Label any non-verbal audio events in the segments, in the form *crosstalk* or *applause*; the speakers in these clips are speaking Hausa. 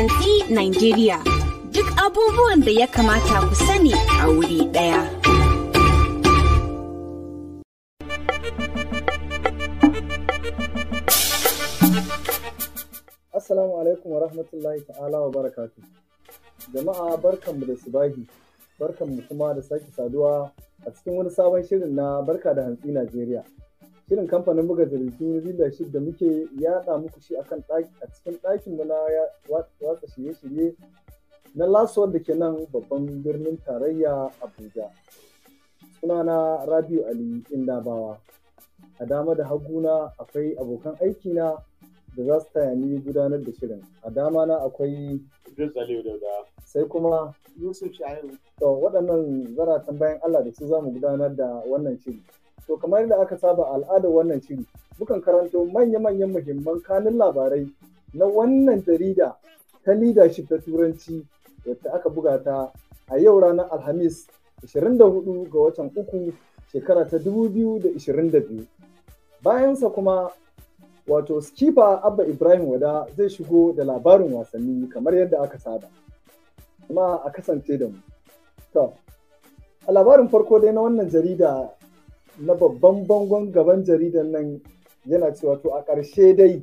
Guarantee Nigeria. Duk abubuwan da ya kamata ku sani a wuri ɗaya. Assalamu alaikum wa rahmatullahi ta'ala wa barakatu. Jama'a barkanmu da subahi, barkanmu kuma da sake saduwa a cikin wani sabon shirin na Barka da Hantsi Najeriya. shirin kamfanin buga jaridu shi da muke yada muku shi akan a cikin ɗakin mu na watsa shirye-shirye na lasuwar da ke nan babban birnin tarayya abuja sunana rabiu ali bawa a dama da haguna akwai abokan aikina da za su taya ni gudanar da shirin a dama na akwai sai kuma Yusuf Shahiru to waɗannan zaratan bayan Allah da su za mu gudanar da wannan shirin. To kamar yadda aka saba al'adar wannan shiri, mukan karanto manya-manyan muhimman kanun labarai na wannan jarida ta leadership ta turanci wadda aka buga ta a yau ranar Alhamis 24 ga watan uku shekara ta 2022. Bayansa kuma wato skipper Abba Ibrahim Wada zai shigo da labarin wasanni kamar yadda aka saba. Kuma a kasance da mu. a labarin farko dai na wannan jarida na babban bangon gaban jaridan nan yana cewa to a ƙarshe dai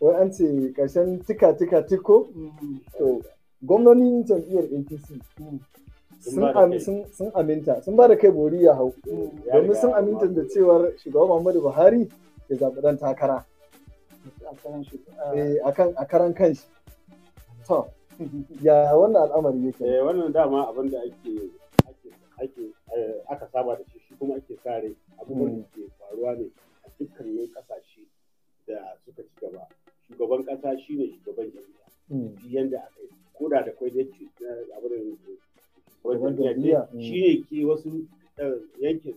wai an ce ƙarshen tika-tika tiko mm. to gwamnonin jam'iyyar apc mm. sun aminta sun ba da kai bori ya hau mm. domin sun aminta da cewar shugaban muhammadu buhari ya zaɓi ɗan takara a karan kanshi eh, to ya wannan al'amari yake eh, wannan dama abin da ake eh, aka saba da kuma ake sare abubuwan da ke faruwa ne a dukkanin kasashe da suka ci gaba shugaban kasa mm. shi ne shugaban jami'a yadda a kai, ko da da kwai da jami'a shi ne ke wasu eh, yankin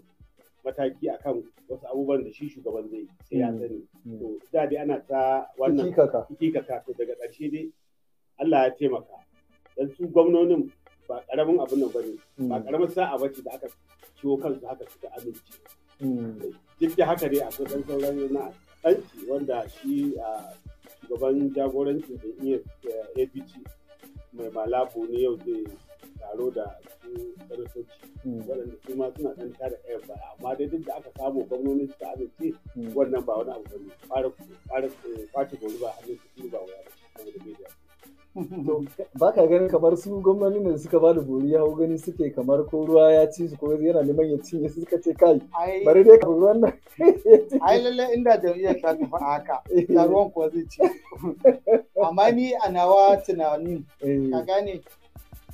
mataki akan wasu abubuwan da shi shugaban zai sai ya mm. sani mm. to da dai ana ta wannan kaka, to daga ƙarshe dai Allah ya taimaka dan su gwamnonin ba karamin abin nan bane ba karamin sa'a bace da aka ciwo kansu haka suka amince hmm. duk da haka dai akwai ɗan sauran na ɗanci wanda shi shugaban jagoranci da eh, iya abc mai malabu ne yau zai taro da su sarasoci hmm. waɗanda su ma suna ɗan tada ɗaya ba amma dai duk da aka samu gwamnoni suka amince hmm. wannan ba wani abu ba ne ƙwace eh, gori ba hannun su ba wa yaran da media ba ka ganin kamar su gwamnati da suka ba da bori ya gani suke kamar ko ruwa ya ci su ko yana neman ya cinye su suka ce kai bari dai ka ruwan nan ai lalle inda jam'iyyar ta tafi haka *laughs* eh. da ruwan kuwa zai ci amma ni a nawa tunanin eh. ka gane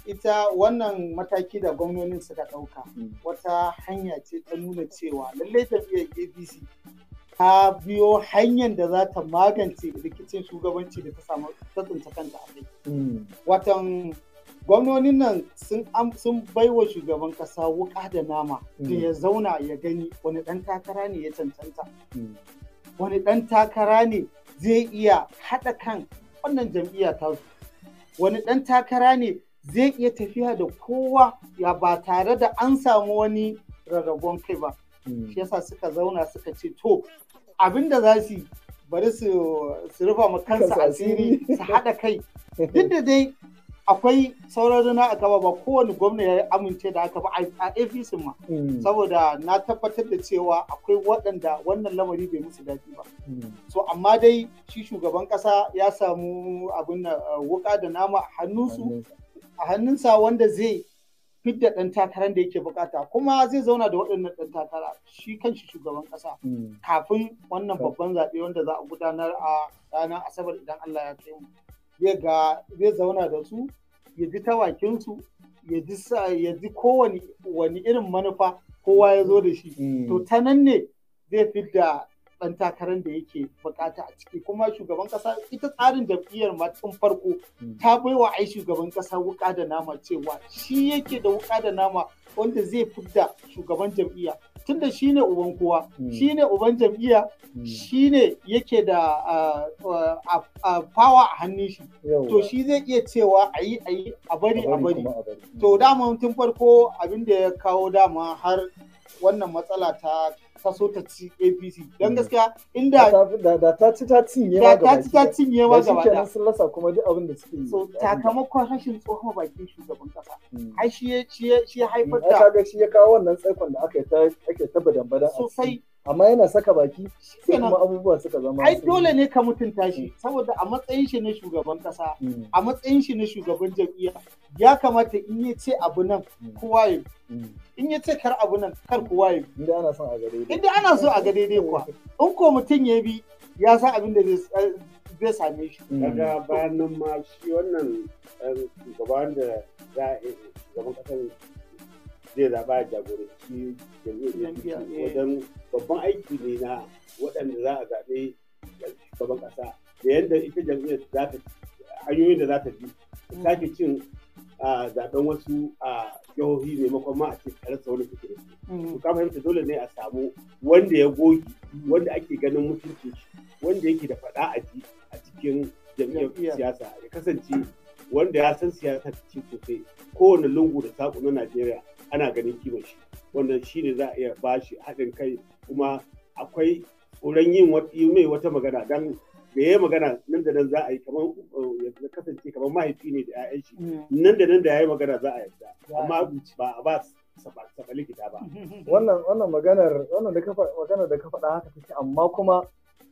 ita wannan mataki da gwamnati suka ɗauka hmm. wata hanya ce ta nuna cewa lallai jam'iyyar abc ta biyo hanyar da za ta magance rikicin shugabanci da ta samu kanta a kai. Hmm. Watan gwamnonin nan sun baiwa shugaban kasa wuka da nama da hmm. ya zauna ya gani wani ɗan takara ne ya cancanta. Hmm. Wani ɗan takara ne zai iya haɗa kan wannan jam'iyya ta Wani ɗan takara ne zai iya tafiya da kowa ya ba tare da an samu wani rarrabon kai ba. Shi yasa suka zauna suka ce to abin da za su bari su rufa ma kansu asiri su haɗa kai duk da dai akwai sauran na a gaba ba kowane gwamna ya amince da haka ba a APC ma hmm. saboda na tabbatar da cewa akwai waɗanda wannan lamari bai musu daɗi ba hmm. so amma dai shi shugaban ƙasa ya samu abin eh, wuka da nama a a hannunsa wanda zai fidda ɗan takarar da yake bukata kuma zai zauna da waɗannan ɗan takara shi kanshi shugaban ƙasa hmm. kafin wannan babban zaɓe wanda za a gudanar a ranar asabar idan Allah ya kai mu zai zauna da su ya ji tawakinsu ya ji kowane wani irin manufa kowa ya zo da shi hmm. to ta nan ne zai fidda dan takarar da yake bukata a ciki kuma shugaban kasa ita tsarin jam'iyyar ma tun farko hmm. ta baiwa ai shugaban kasa wuka da nama cewa shi yake da wuka da nama wanda zai fidda shugaban jam'iyya tunda shi ne uban kowa hmm. shi ne uban jam'iyya hmm. shi ne yake da fawa a hannun shi to shi zai iya cewa a yi a yi a bari a bari to dama tun farko abin da ya kawo dama har wannan matsala ta kaso ta ci apc don mm. gaskiya inda da ta ci ta cinye ma gaba ta ta cinye ma sun rasa kuma duk abin da suke so sakamakon rashin tsohon bakin shugaban kasa mm. Ai shi ya shi ya mm. haifar da kaga shi ya kawo wannan tsaikon da ake taba dambada badan sosai amma yana saka baki sai kuma abubuwa suka zama ai dole ne ka mutunta shi saboda a matsayin shi na shugaban kasa hmm. a matsayin shi na shugaban jam'iyya ya kamata in ya ce abu nan hmm. kowa ya hmm. in ya ce kar abu nan kar kowa ya inda ana son a ga daidai inda ana so a ga daidai kuwa in ko mutum ya bi ya san abin da zai eh, same shi daga bayan nan ma shi wannan eh, shugaban da za a gaban zai zaba ya jagoranci jam'iyyar eh. wajen babban aiki ne na waɗanda za a zaɓe shugaban ƙasa da yadda ita jam'iyyar za ta hanyoyin da za ta bi mm. sake cin zaɓen wasu a jihohi makon ma a ce kare sauran wani fikirin su kama yanta dole ne a samu wanda ya goge mm. wanda ake ganin mutunci wanda yake da faɗa a ji a cikin jam'iyyar siyasa ya kasance wanda ya san siyasa ce sosai kowane lungu da saƙo na najeriya ana ganin kiwon shi wannan shi ne za a iya ba shi haɗin kai kuma akwai wurin yin mai wata magana don da ya magana nan da nan za a yi kamar eh, ya kasance kamar mahaifi ne da 'ya'yan shi mm. nan da nan da ya yi magana za a yarda amma ba a ba saba likita ba *laughs* wannan maganar da ka faɗa haka take amma kuma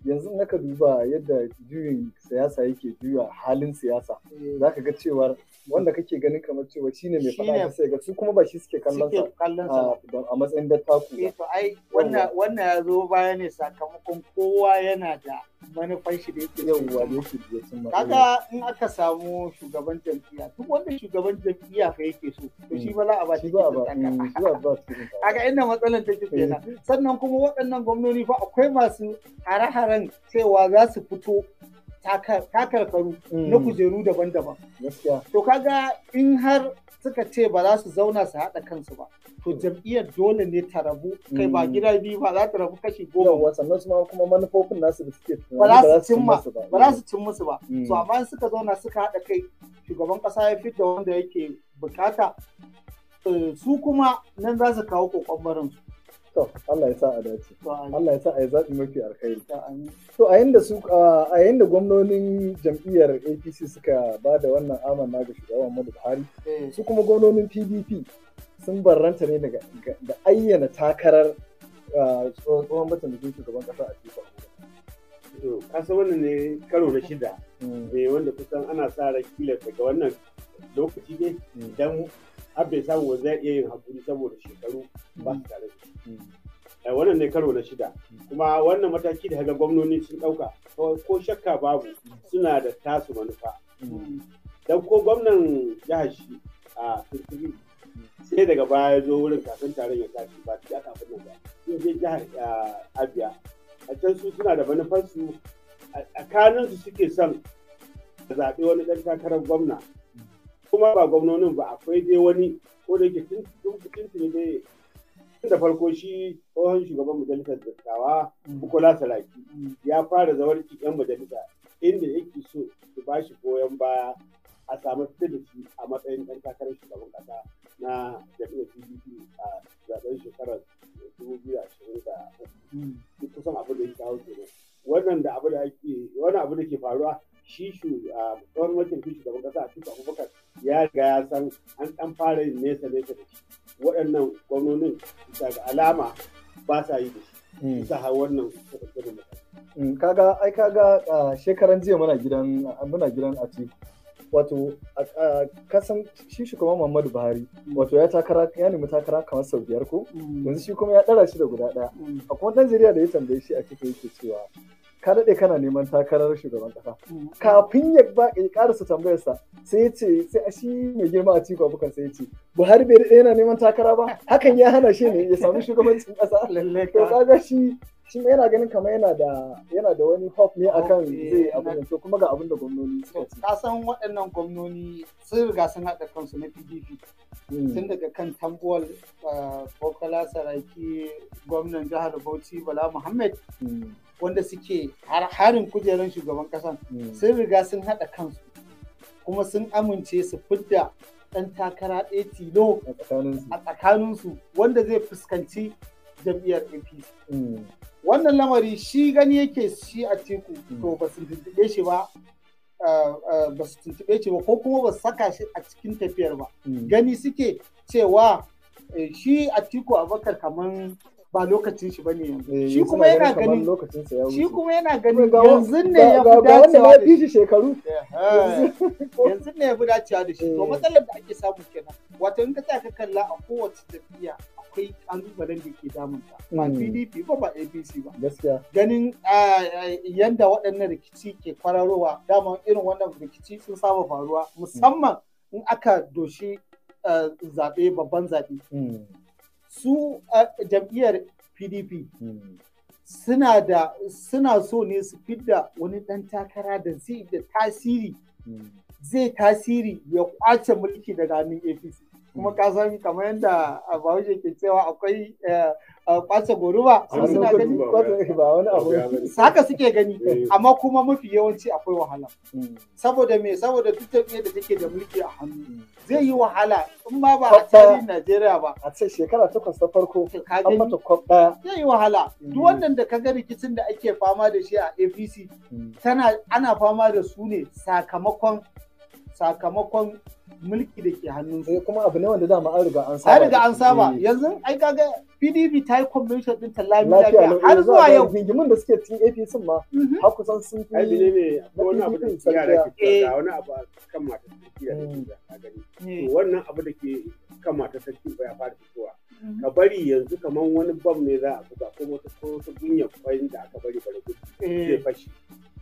yanzu naka duba yadda juyin siyasa yake juya halin siyasa eh. za ka ga cewa wanda kake ganin kamar cewa shi ne mai faɗa sai ga su kuma ba shi suke kallon a matsayin dattaku. taku ba. Eh wannan ya zo baya ne sakamakon kowa yana da manufan shi da yake yauwa da kaga in aka samu shugaban jam'iyya duk wanda shugaban jam'iyya fa yake so to shi ba hmm. za a ba shi ba ba kaga inda matsalar take eh. kenan sannan kuma waɗannan gwamnoni fa akwai masu hare-haren cewa za su fito takarkaru na mm. kujeru daban-daban. To kaga in har suka ce ba za su zauna su haɗa kansu ba. To jam'iyyar dole ne ta rabu kai ba mm. gida biyu ba za ta rabu kashi goma. Yawwa sannan su kuma manufofin nasu da suke ba za su cin musu ba. za su cin musu ba. So amma in suka zauna suka haɗa kai shugaban ƙasa ya fita wanda yake bukata eh, su kuma nan za su kawo kokon barinsu. To, Allah ya sa a dace. Allah ya sa a yi zaɓi mafi alkhairi. To, a yanda su a yanda gwamnonin jam'iyyar APC suka ba da wannan amana ga shugaban Muhammadu Buhari, eh. su kuma gwamnonin PDP sun barranta ne daga da ayyana takarar tsohon ke shugaban ƙasa a cikin To, kasa wannan ne karo na shida, mm. eh, wanda kusan ana sa ran kila daga wannan lokaci ne mm. idan har bai samu wa zai iya yin hakuri saboda shekaru mm. ba su tare da mm. eh, wannan ne karo na shida mm. kuma wannan mataki da haga gwamnoni sun ɗauka ko shakka babu suna da tasu manufa dan ko gwamnan jihar shi a tuntuni sai daga baya zo wurin kafin taron ya tashi ba ta kafin nan ba je jihar abia a can su suna da manufarsu a kanin suke son zaɓe wani ɗan takarar gwamna kuma ba gwamnonin ba akwai dai wani ko da yake tun tun tun dai tun da farko shi tsohon shugaban majalisar dattawa mm. Bukola salaki mm. ya fara zawarci yan majalisa inda yake so su ba shi goyon baya a samu fita shi a matsayin ɗan takarar shugaban ƙasa na jami'ar PDP a zaben shekarar 2023 mm. kusan abin da ya kawo kenan wannan da abu da ake wannan abu da ke faruwa shi shu a tsohon wakilin shugaban ƙasa a cikin abubakar ya riga ya san an dan fara yin nesa nesa da shi waɗannan gwamnonin bisa ga alama ba sa yi da shi hmm. bisa har wannan hmm, kaga ai kaga shekaran jiya muna gidan muna gidan atiku wato kasan shi kuma Muhammadu Buhari hmm. wato ya takara ya nemi takara kamar sau biyar ko yanzu shi kuma ya dara shi da guda ɗaya akwai wani Najeriya da ya tambaye shi a cikin yake cewa ka daɗe kana neman takarar shugaban ƙasa mm. kafin ya ƙarasa tambayarsa sai ce sai a shi mai girma a cikin abokan sai ya ce buhari bai daɗe yana neman takara ba hakan ya hana shi ne ya samu shugabancin ƙasa *laughs* to kaga shi shi yana ganin kamar yana da yana da wani hope ne akan zai abin to kuma ga abin da gwamnoni suka ce ka san waɗannan gwamnoni sun riga sun haɗa kansu na PDP hmm. tun daga kan Tambuwal Kokola eh, Saraki gwamnan jihar Bauchi Bala Muhammad hmm. wanda suke harin kujerar shugaban kasan hmm. sun riga sun haɗa kansu kuma sun amince su fidda ɗan takara ɗaya tilo a tsakaninsu wanda zai fuskanci jam'iyyar apc hmm. wannan lamari shi gani yake shi a teku hmm. to ba su tuntuɓe shi ba ba su tuntuɓe shi ba ko kuma ba su saka shi a cikin tafiyar ba gani suke cewa eh, shi a teku bakar kamar ba lokacin shi bane yanzu eh, shi kuma yana ganin shi kuma yana ganin yanzu ne ya fi dacewa da shi shekaru eh, eh. yanzu ne ya fi dacewa da shi to matsalar da ake samu kenan wato in ka tsaya ka kalla a kowace tafiya akwai kalubalen da ke damun ta ba PDP mm. ba ba APC ba gaskiya ganin yanda waɗannan rikici ke kwararowa dama irin wannan rikici sun saba faruwa mm. musamman in aka doshi zaɓe babban zaɓe mm. su jam'iyyar pdp suna so ne su fidda wani ɗan takara da zai tasiri hmm. zai tasiri ya kwace mulki daga hannun apc kuma ka san kamar yadda bahaushe ke cewa akwai kwace eh, goruba su na gani haka suke gani eh. amma kuma mafi yawanci akwai wahala hmm. saboda me saboda duk jam'iyyar da take da mulki a hannu hmm. zai yi wahala in ma ba a tarihin Najeriya ba a ce shekara takwas ta farko an mata kwab zai yi wahala duk hmm. wannan da kaga rikicin da ake fama da shi a APC tana ana fama da su ne sakamakon sakamakon mulki da ke hannun sai eh, kuma abu ne wanda dama an riga an saba. An riga an saba eh. yanzu ai kaga PDP ta yi convention din ta lafiya eh, har zuwa yau. Gingimin da suke cikin APC ma mhm. har kusan sun fi. Ai ne ne wani abu da ke da ke wani abu kan mata ke da gani. Wannan abu da ke kan mata tafiya ya fara fitowa. Mhm. Ka bari yanzu kamar wani bam ne za a buga ko wata ko wata gunya kwayin da aka bari bare gudu. Zai fashi.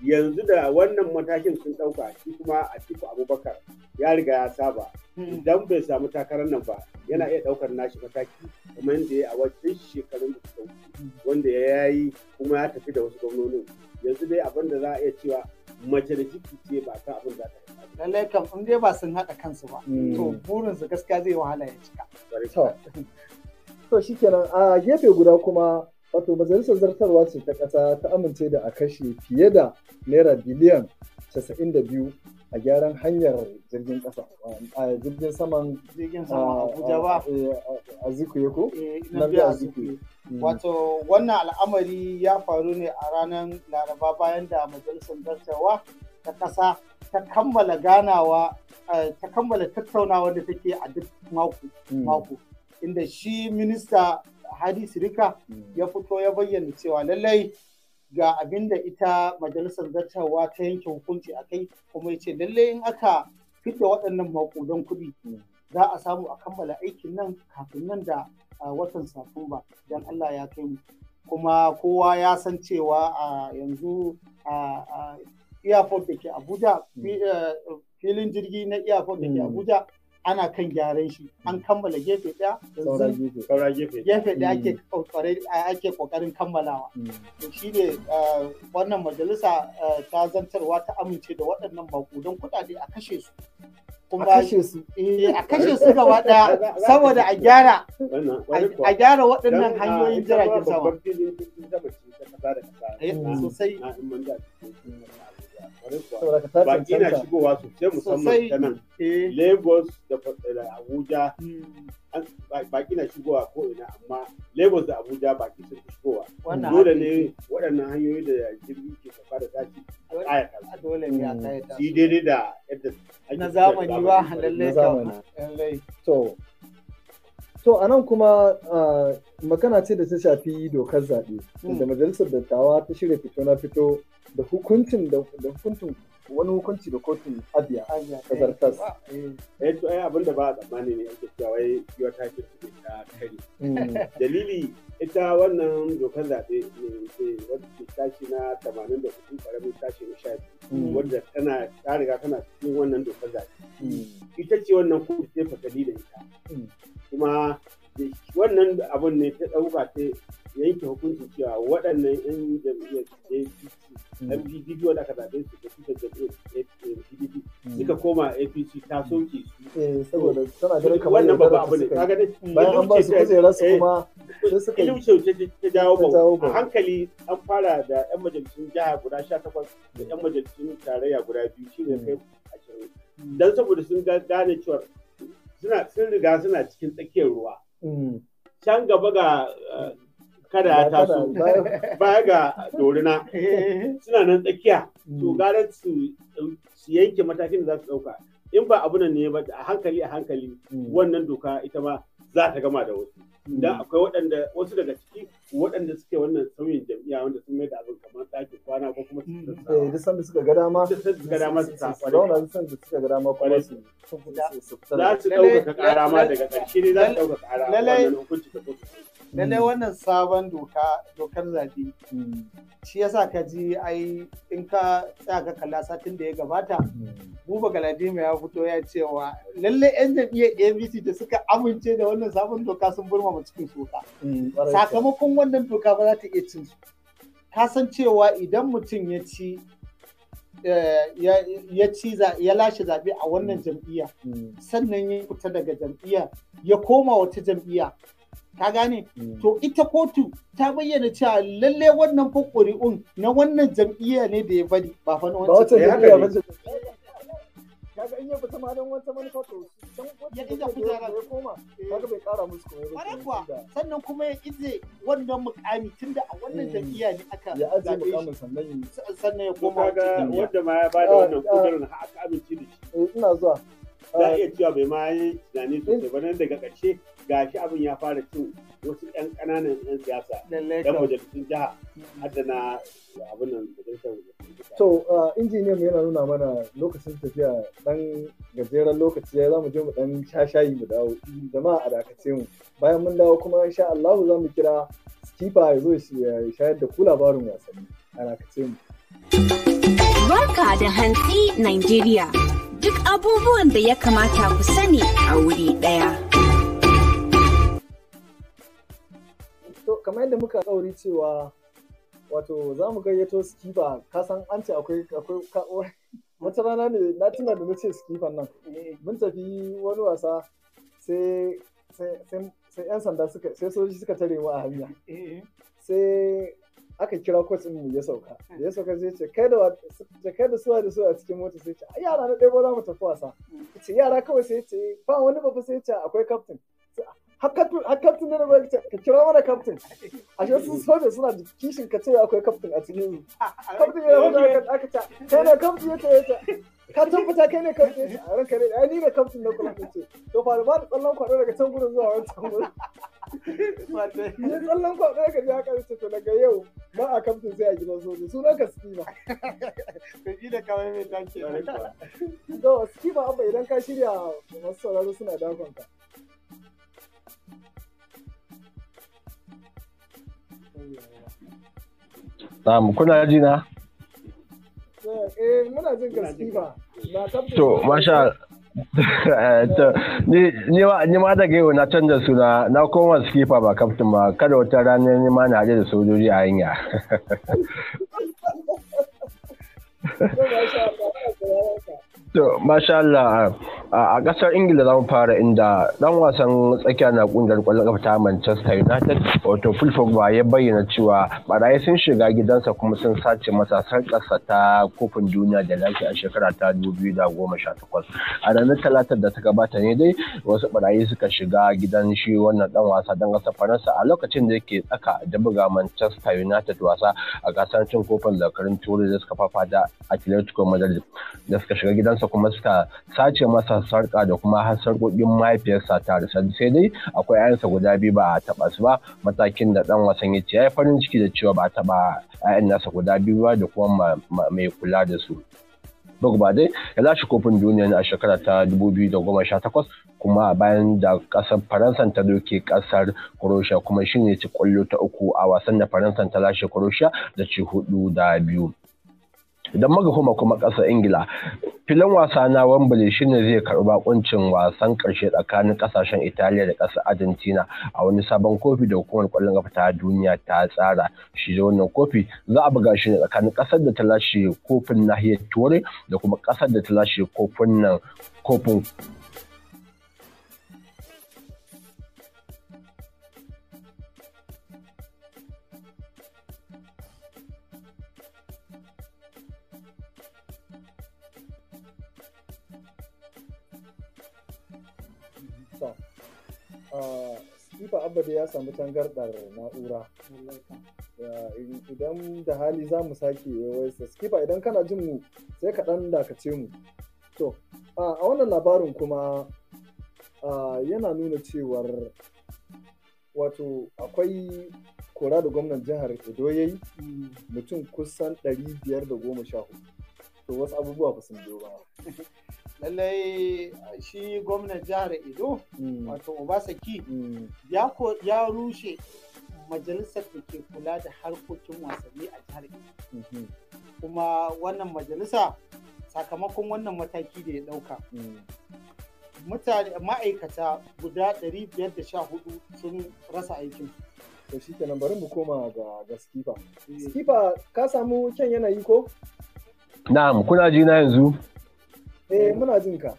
Yanzu da wannan matakin sun ɗauka shi kuma a cikin Abubakar ya riga ya saba hmm. idan bai samu takarar nan ba yana iya daukar nashi mataki kuma yadda ya a wajen shekarun da suka wanda ya yayi kuma ya tafi da wasu gwamnonin yanzu dai abin da za a iya cewa mace da jiki ce ba ta abin da ta lallai kam in dai ba sun haɗa kansu ba to hmm. burinsu gaskiya zai wahala ya cika to shikenan a gefe guda kuma wato majalisar zartarwa ce ta ƙasa ta amince da a kashe fiye da naira biliyan 92 a gyaran hanyar jirgin kasa a jirgin saman abuja ba a eh, zikuye ko eh, na biya hmm. wato wannan al'amari ya faru ne a ranar laraba bayan da majalisar dattawa ta kasa ta kammala ganawa eh, ta kammala tattaunawa da take a duk mako hmm. mako inda shi minista hadis Rika hmm. ya fito ya bayyana cewa lallai ga abin da ita majalisar zartarwa ta yanke hukunci a kai kuma ya ce lalle in aka fidda waɗannan maƙudan kuɗi za a samu a kammala aikin nan kafin nan da watan satumba don allah ya kai mu kuma kowa ya san cewa a yanzu a airport da ke abuja hmm. eh, filin jirgi na airport da ke hmm. abuja ana kan gyaran shi an hmm. kammala gefe ɗaya yanzu gefe ɗaya ake kokarin hmm. ake kokarin kammalawa hmm. to shine wannan majalisa ta zantarwa ta amince da waɗannan bakudan kuɗaɗe a kashe su kuma eh, a kashe su gaba ɗaya saboda a gyara a gyara waɗannan hanyoyin jiragen sama eh, sosai Baƙi na shigowa sosai musamman ta nan eh. lagos da abuja baƙi na shigowa ko ina amma lagos da abuja baƙi sun shigowa dole ne waɗannan hanyoyi da jirgi ke kafa da tashi a kaya kala dole ne a ta shi daidai da yadda na zamani ba lallai to To a nan kuma makana ce da ta shafi dokar zaɓe, hmm. da majalisar dattawa ta shirya fito na fito da hukuncin wani hukunci da kotun abiya a zartas eh, eh, eh to ai eh, abin da ba a tsammani ne yanke cewa wai yiwa ta ce ta kare hmm. dalili ita wannan dokar zaɓe ne wadda ke tashi na tamanin da 84 ƙaramin tashi na sha hmm. wadda tana ta riga tana cikin wannan dokar zaɓe hmm. ita ce wannan kotu ce fasali da ita kuma wannan abun ne ta ɗauka ta yanke hukunci cewa waɗannan 'yan jam'iyyar APC mdp mm. wanda aka zaɓe su da tutar jam'iyyar pdp suka koma apc ta soke su eh, saboda eh, tana ganin kamar yadda babba abu ne kaga bayan an ba su kujera su kuma eh, sai suka yi ilmi ta jawo ba a hankali an fara da yan majalisun jiha guda 18 da yan majalisun tarayya guda biyu shine mm. kai 20 dan saboda sun gane cewa suna sun riga suna cikin tsakiyar ruwa mm. can gaba ga kada ya taso baya ga dorina *laughs* suna nan tsakiya to hmm. gara su yanke matakin da za su ɗauka in ba abu nan ne ba a hankali a hankali hmm. wannan doka ita ma za ta gama da wasu hmm. dan akwai waɗanda wasu daga ciki waɗanda suke wannan sauyin jam'iyya wanda sun mai da abin kamar ɗakin kwana ko kuma su eh, duk sanda suka ga dama duk sanda suka ga dama su sa kwarai duk sanda suka ga dama kuma su za su ɗaukaka ƙarama daga ƙarshe ne za su ɗaukaka ƙarama. wannan hukunci da kotu lallai mm. wannan sabon doka dokar zaɓe mm. shi yasa ka ji ai in ka tsaya ka kalla satin da ya gabata mm. buba galadima ya fito ya cewa lallai yan jam'iyyar abc da suka amince da wannan sabon doka sun burma mu cikin soka sakamakon wannan doka ba za ta iya cin su ka san cewa idan mutum ya ci eh, ya ci ya lashe zaɓe a wannan jam'iyya sannan ya fita daga jam'iyya ya koma wata jam'iyya ka gane mm. to ita kotu ta bayyana cewa lalle wannan fa ƙuri'un na wannan jam'iyya ne da ya bari ba fa na wancan jam'iyya ba kaga in ya fita ma dan wancan manufa to dan ya inda kujera ya koma kaga bai kara musu komai ba kuwa sannan kuma ya ije wannan mukami tunda a wannan mm. jam'iyya ne aka ya aje mukamin sannan sannan ya koma kaga wanda ma ya bada ah, wannan kudurin ah. aka amince da shi eh, ina zuwa za iya cewa bai ma yi tunani sosai ba nan daga ƙarshe ga shi abin ya fara cin wasu ɗan ƙananan ɗan siyasa da majalisun jiha haddana abin nan majalisar to mai yana nuna mana lokacin tafiya ɗan gajeren lokaci ya za mu je mu ɗan shashayi mu dawo jama'a a dakace mu bayan mun dawo kuma insha Allah za mu kira skipa ya zo ya shayar da ku labarin wasanni a dakace mu Barka da hantsi Nigeria. duk abubuwan da ya kamata ku sani a wuri ɗaya. To, kamar yadda muka tsauri cewa wato za mu gayyato skifa kasan an ce akwai akwai wata rana ne na tuna da nace skifan nan mun tafi wani wasa sai yan sanda suka sai soji suka tare mu a hanya eh, eh. sai aka kira kwatsin mu ya sauka ah. da ya sauka sai ce kai da suwa da suwa a cikin mota sai ce yara na ɗaya za mu tafi wasa ce yara kawai sai ce ba wani babu sai ce akwai kaftin har kaftin ne ba ka kira mana kaftin ashe sun so da suna kishin ka ce akwai kaftin a cikin kaftin ah, ah, ya wata aka ta kai na kaftin ya ce ya ce ka tabbata kai ne kaftin ranka ne ya ni ne kaftin na kula kace to fa ba tsallan kwado daga can gudun zuwa wancan gurin mate ne tsallan kwado daga ya karshe to daga yau ba a kaftin sai a gidan soja sunan ka skiba to ji da kawai mai dace to skiba abba idan ka shirya masu sauraro suna dakon ka Na'am kuna ji na? Eh, eh, to, masha *laughs* eh, To, masha ni ma daga yau na canza suna na koma skipper ba captain ba kada wata rana ni ma na da sojoji a hanya *laughs* to masha Allah a kasar ingila za mu fara inda dan wasan tsakiya na kungiyar kwallon kafa ta manchester united wato phil ya bayyana cewa barayi sun shiga gidansa kuma sun sace masa sarkarsa ta kofin duniya da lafi a shekara ta 2018 a ranar talatar da ta gabata ne dai wasu barayi suka shiga gidan shi wannan dan wasa dan kasar faransa a lokacin da yake tsaka da buga manchester united wasa a gasar cin kofin Zakarin turai da suka da atletico madrid da suka shiga gidansa kuma suka sace masa kan sarka da kuma sarkokin mahaifiyarsa ta risar sai dai akwai ayansa guda biyu ba a taba su ba matakin da dan wasan ya ce ya farin ciki da cewa ba a taba ayan nasa guda biyu ba da kuma mai kula da su ba dai ya lashe kofin duniya a shekara ta 2018 kuma bayan da kasar Faransa ta doke kasar Croatia kuma shine ci kwallo ta uku a wasan da Faransa ta lashe Croatia da ci hudu da biyu. idan magafuma kuma kasar ingila filin wasa na Wembley shine zai karɓi bakuncin wasan ƙarshe tsakanin ƙasashen Italiya da ƙasar Argentina a wani sabon kofi da hukumar kwallon ƙafa ta duniya ta tsara. Shi da wannan kofi za a buga shi ne tsakanin ƙasar da ta lashe kofin nahiyar Turai da kuma ƙasar da ta lashe kofin nan kofin Kifa Abba ya samu tangarɗar na'ura. Idan da hali za mu sake waisa. Kifa idan kana jin mu sai ka ɗan dakace mu. To, a wannan labarin kuma yana nuna cewar wato akwai kora da gwamnan jihar Edo ya yi mutum kusan 514. To wasu abubuwa ba sun biyo ba. lallai shi gwamnan jihar Edo hmm. wato Obasaki hmm. ya rushe majalisar da ke kula da harkokin wasanni a jihar Edo. Hmm. Kuma wannan majalisa sakamakon wannan mataki da ya ɗauka. Mutane ma'aikata guda 514 sun rasa aikin To shi kenan bari mu koma ga Skifa. Skifa eh. ka samu kyan yanayi ko? Na'am kuna ji na yanzu. Eh muna jin ka.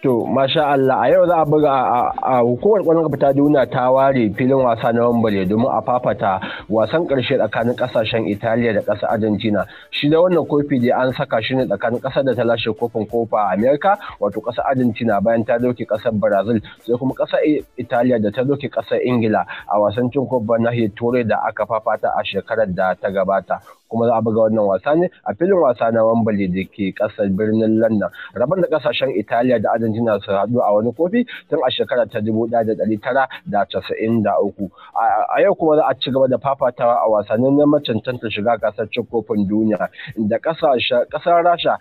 To, masha Allah, a yau za a buga a hukumar kwanan fita duniya ta ware filin wasa na Wambale domin a fafata wasan karshe tsakanin kasashen Italiya da ƙasar Argentina. Shi da wannan kofi da an saka shi ne tsakanin ƙasar da ta lashe kofin kofa a Amerika, wato ƙasar Argentina bayan ta doke kasar Brazil, sai kuma ƙasar Italiya da ta doke kasar Ingila a wasan cin kofin nahiyar Turai da aka fafata a shekarar da ta gabata. kuma za a buga wannan wasa ne a filin wasa na wambali da ke kasar birnin London. rabar da kasashen Italiya da Argentina su haɗu a wani kofi tun a shekara ta dubu da casa'in da uku. A yau kuma za a ci gaba da fafatawa a wasannin na macancanta shiga kasar cin kofin duniya da ƙasar Rasha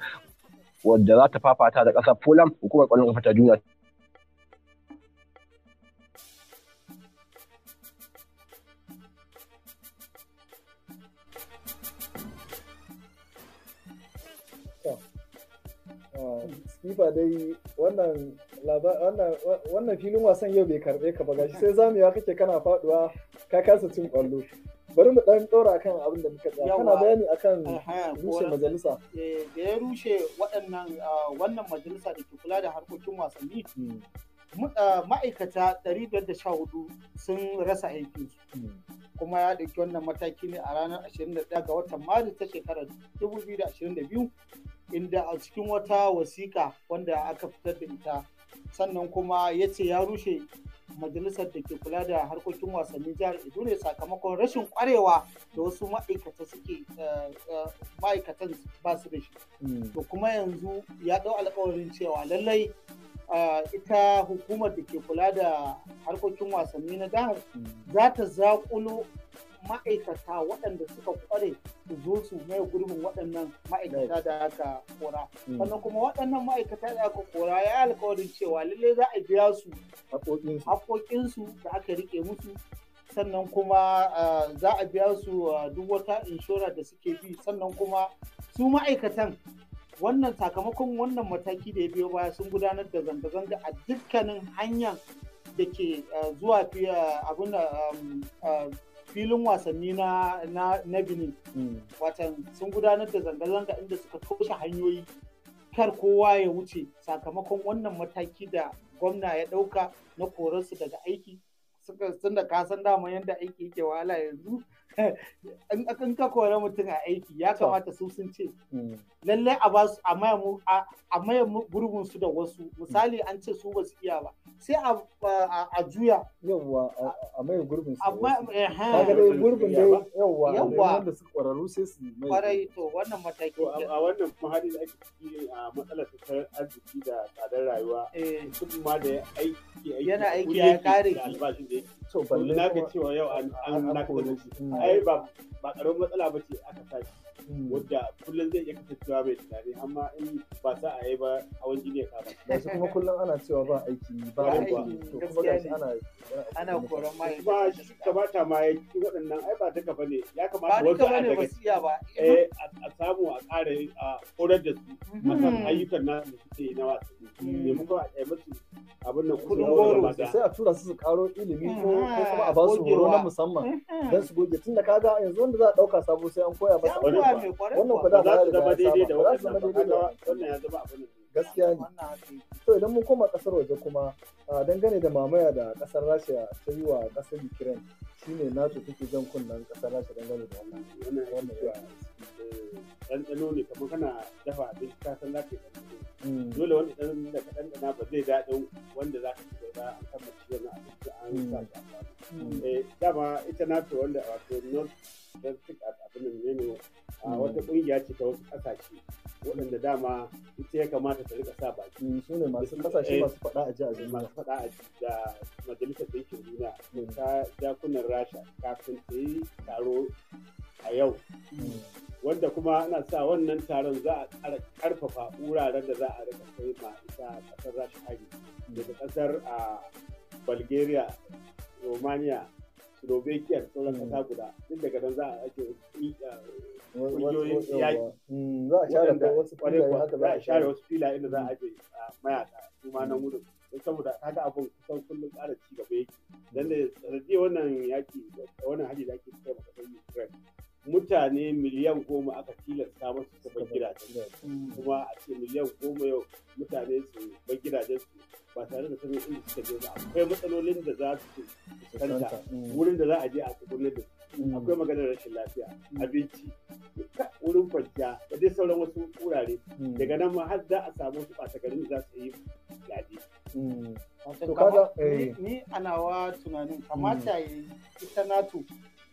wadda za ta fafata da kasar Poland hukumar ƙwallon kafa ta duniya Sifa dai wannan filin wasan yau bai karbe ka ba gashi sai zamewa kake kana faduwa ka kasa cin kwallo. Bari mu dan tsora akan abin da muka tsaya. Kana bayani akan rushe majalisa. Eh, da ya rushe waɗannan ah, wannan majalisa da ke kula da harkokin wasanni. Hmm. Ah, ma'aikata 514 sun rasa aikinsu. Hmm. kuma ya ɗauki wannan mataki ne a ranar 21 ga watan maris ta shekarar 2022 inda a cikin wata wasiƙa wanda aka fitar da ita sannan kuma ya ce ya rushe majalisar da ke kula da harkokin wasannin jihar Edo ne sakamakon rashin kwarewa da wasu ma'aikata suke eh, eh, ma'aikatan ba su da shi. Hmm. To kuma yanzu ya ɗau alkawarin cewa lallai eh, ita hukumar da ke kula da harkokin wasanni na jihar hmm. za ta zaƙulo ma'aikata waɗanda suka kware su zo su mai gurbin waɗannan ma'aikata da aka kora mm. sannan kuma waɗannan ma'aikata da aka kora ya alkawarin cewa lallai za a biya su haƙoƙinsu da aka riƙe musu sannan kuma za a biya su duk wata inshora da suke bi sannan kuma su ma'aikatan wannan sakamakon wannan mataki da ya biyo baya sun gudanar da zanga-zanga a dukkanin hanyar da ke zuwa fiye abin da. filin wasanni na na Benin hmm. watan sun gudanar da zanga-zanga inda suka toshe hanyoyi kar kowa ya wuce sakamakon wannan mataki da gwamna ya dauka na korarsu daga aiki suka sun da kasan dama yadda aiki yake wahala yanzu in ka kore mutum a aiki ya kamata su sun ce mm. lallai a ba su a maye gurbin su da wasu mm. misali an ce su ba su iya ba sai a juya yawwa a maye gurbin su a maya eh, gurbin da yawwa yawwa wanda su kwararru sai su mai kwarai to wannan mataki a wannan muhalli da ake ciki a matsalar tattalin arziki da tsadar rayuwa eh. mutum ma da aiki yana aiki ya kare albashin da yake to na ga cewa yau an an na ai ba ba karamin matsala ba ce aka tashi wadda kullum zai iya kasancewa mai tunani amma in ba sa a yi ba hawan jini ya ba. yanzu kuma kullum ana cewa ba aiki ba aiki to kuma gashi ana ana koran ma ba shi kamata ma ya ci waɗannan ai ba duka bane ya kamata wasu a daga eh a samu a ƙara a horar da su mhm. akan ayyukan na da suke na wasu. ne muka a musu abin da kudin goro sai a tura su su karo ilimi ko mhm. kuma a ba su horo na musamman mhm. don su goge tun da kaga yanzu wanda za a ɗauka sabo sai an koya masa wannan ku da ba zama daidai da wannan ya zama abu gaskiya ne to idan mun koma kasar waje kuma dangane da mamaya da kasar rasha ta yi wa kasar ukraine shine nato take jan kunnen kasar rasha dangane da wannan wannan eh, ɗanɗano ne kamar kana dafa abinci ka san za ka yi mm. dole wanda ɗan da ka ɗanɗana ba zai daɗin wanda za ka ci ba an kama ci wannan abinci an sa mm. shi a mm. eh, dama ita na nato wanda wato north atlantic abin ne ne wata kungiya ce ta wasu kasashe waɗanda dama ita ya kamata ta rika sa baki mm, su ne masu kasashe eh, masu faɗa a ji a masu faɗa a da majalisar ɗinkin duniya mm. ta jakunan rasha kafin ta yi taro a yau mm. wanda kuma ana sa wannan taron za a karfafa wuraren da za a rika kai ma ita kasar rasha hari daga kasar a bulgaria romania Slovakia da sauran kasa guda duk daga don za a ake kungiyoyin eh, yaƙi. Hmm, za a share wasu filaye inda za a hmm. aje mayaka su ma na wurin. Don saboda haka abin kusan kullum ƙara ci gaba yake. don da sanadiyar wannan yaƙi wannan hajji da ake kai maka sai Ukraine. mutane miliyan goma aka tilasta masu su bar gidaje kuma a ce miliyan goma yau mutane su bar gidaje su ba tare da sanin inda suka je ba akwai matsalolin da za su fuskanta mm. wurin da za a je a tsibirin da mm. akwai maganar rashin lafiya mm. abinci wurin kwanciya da dai sauran wasu wurare daga nan ma har za a samu su ɓata garin za su yi gadi. Eh. ni wa tunanin kamata ya yi ita nato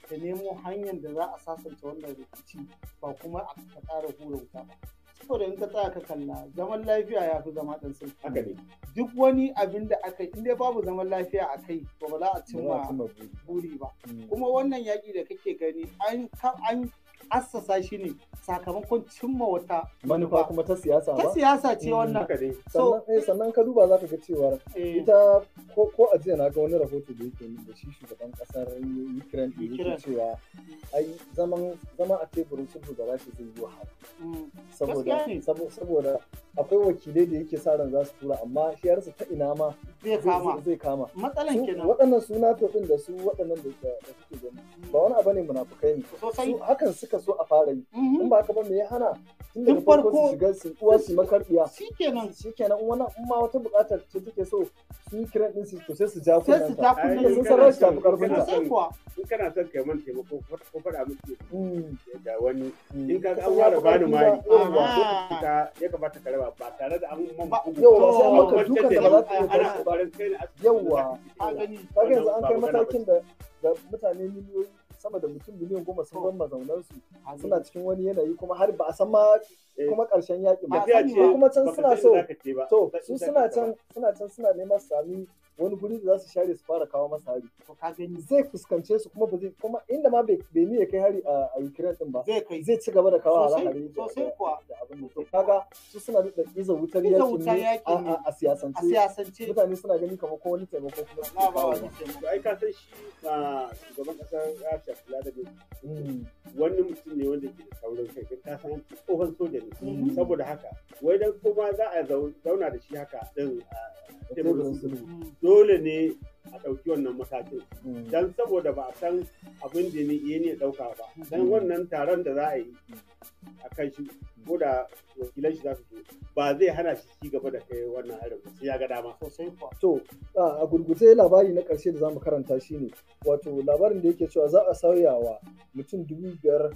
ta nemo hanyar da za a sasanta wannan rikici ba kuma a ƙara hura wuta ba saboda in ka tsaya ka kalla zaman lafiya ya fi zama ɗan ne duk wani abin da aka yi inda babu zaman lafiya a kai ba ba za a cimma buri ba mm. kuma wannan yaƙi da kake gani an assasa shi ne sakamakon cimma wata manufa kuma ta siyasa ba ta siyasa ce mm, wannan so eh, eh, sannan ka duba za ka ga cewa eh. ita ko a jiya na ga wani rahoto da yake da shi shugaban kasar Ukraine da yake cewa ai zaman zama a teburin sulhu gaba shi zai yi wahala mm. saboda saboda akwai wakilai da yake sa ran za su tura amma shi yarsa ta ina ma zai kama matsalan kenan waɗannan suna to din da su waɗannan da suke gani ba wani abu ne munafukai ne hakan suka suka so a fara yi mhm. in ba ka ba me ya hana tun daga farko su shiga su uwa su makarbiya shikenan shikenan wannan in ma wata buƙatar ce take so su kiran ɗin su to sai su ja kunan sai su ja kunan sun san rashin tafi karfin ta sai kuwa in kana son kai man taimako ko fara miki da mm. wani mm. in ka ga an ware bani mali ta ya kamata ka raba ba tare da an mun Yau yawa sai maka duka da ba za ka yi ba. yawa ka yanzu an kai matakin da mutane miliyoyi sama da mutum miliyan goma sun ban su suna cikin wani yanayi kuma har ba a san ma eh. kuma karshen yaƙin ba kuma can suna so to su suna can suna can suna neman sami wani guri da za su share su fara kawo masa hari to ka gani zai fuskance su kuma ba zai kuma inda ma bai niyya kai hari a Ukraine din ba zai kai zai ci gaba da kawo ala hari sosai kuwa da abin da to kaga su suna da iza wutar yakin ne a siyasance a siyasance mutane suna gani kamar ko wani taimako kuma na ba wani taimako ai ka san shi a gaban kasar Russia da wani mutum ne wanda ke da saurin kai ka san tsohon soja ne hmm. saboda haka wai dan kuma za a zauna da shi haka din ah, a teburin hmm. dole ne a ɗauki wannan matakin hmm. don saboda ba a san abin da ya ne ɗauka ba don hmm. wannan taron da za a yi a kan shi ko da wakilan shi za su zo ba zai hana shi ci gaba da kai wannan harin sai ya ga dama to a gurguje labari na ƙarshe da za zamu karanta ne wato labarin da yake cewa za a sauya wa mutum dubu biyar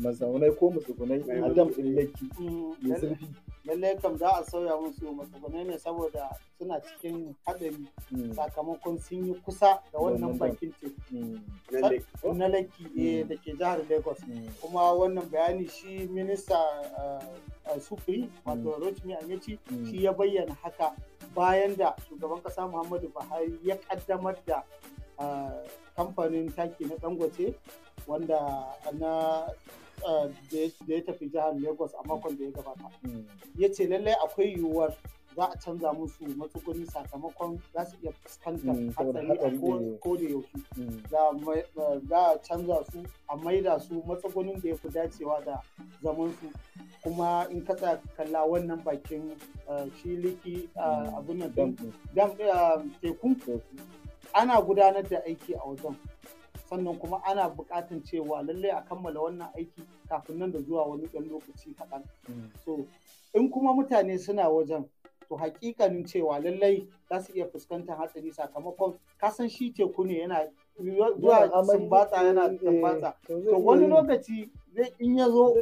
mazaunai ko musugunai a dam ɗin laki mm, mai zurfi. Lallai kam za a sauya musu masugunai ne saboda suna cikin haɗari mm. sakamakon sun yi kusa da wannan bakin teku mm. na laki eh, da ke jihar Lagos. Kuma wannan bayani shi minista eh, sufuri wato Rotimi Amici shi ya bayyana haka bayan da shugaban kasa Muhammadu Buhari ya kaddamar da eh, kamfanin taki na Dangote wanda na Eh, da ya tafi jihar Lagos a makon da ya gabata. Hmm. Ya ce lallai akwai yiwuwar za a canza musu matsuguni sakamakon za su iya fuskantar hmm, hatsari a ko da yaushe. Hmm. Eh, za a canza su a maida su matsugunin da ya fi dacewa da zaman su. Kuma in ka kalla wannan bakin eh, shi liki abin nan tekun ana gudanar da aiki a wajen. sannan kuma ana buƙatan cewa lallai a kammala wannan aiki kafin nan da zuwa wani ɗan lokaci kaɗan mm. so in kuma mutane suna wajen to hakikanin cewa lallai za su iya fuskantar hatsari sakamakon kasan shi teku ne yana zuwa sun batsa, yana eh, sumbatsa to wani lokaci zai in ya zo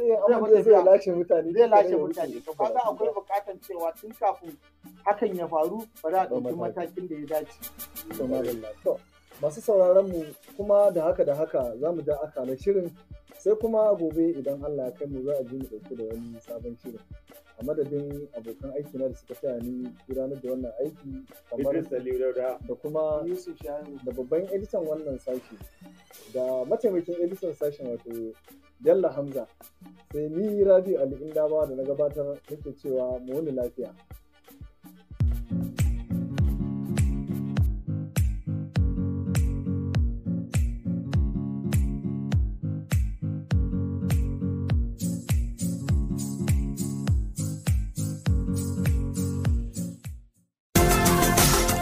zai lashe mutane zai lashe mutane to kaga akwai buƙatar cewa tun kafin hakan ya faru ba za a ɗauki matakin da ya dace masu sauraron mu kuma da haka da haka za mu ja na shirin sai kuma gobe idan Allah ya kai mu za a ji mu ɗauki da wani sabon shirin a madadin abokan aiki na da suka taya ni gudanar da wannan aiki kamar da kuma da babban editan wannan sashi da mataimakin editan sashen wato Yalla Hamza sai ni Rabi Ali Indaba da na gabatar nake cewa mu wani lafiya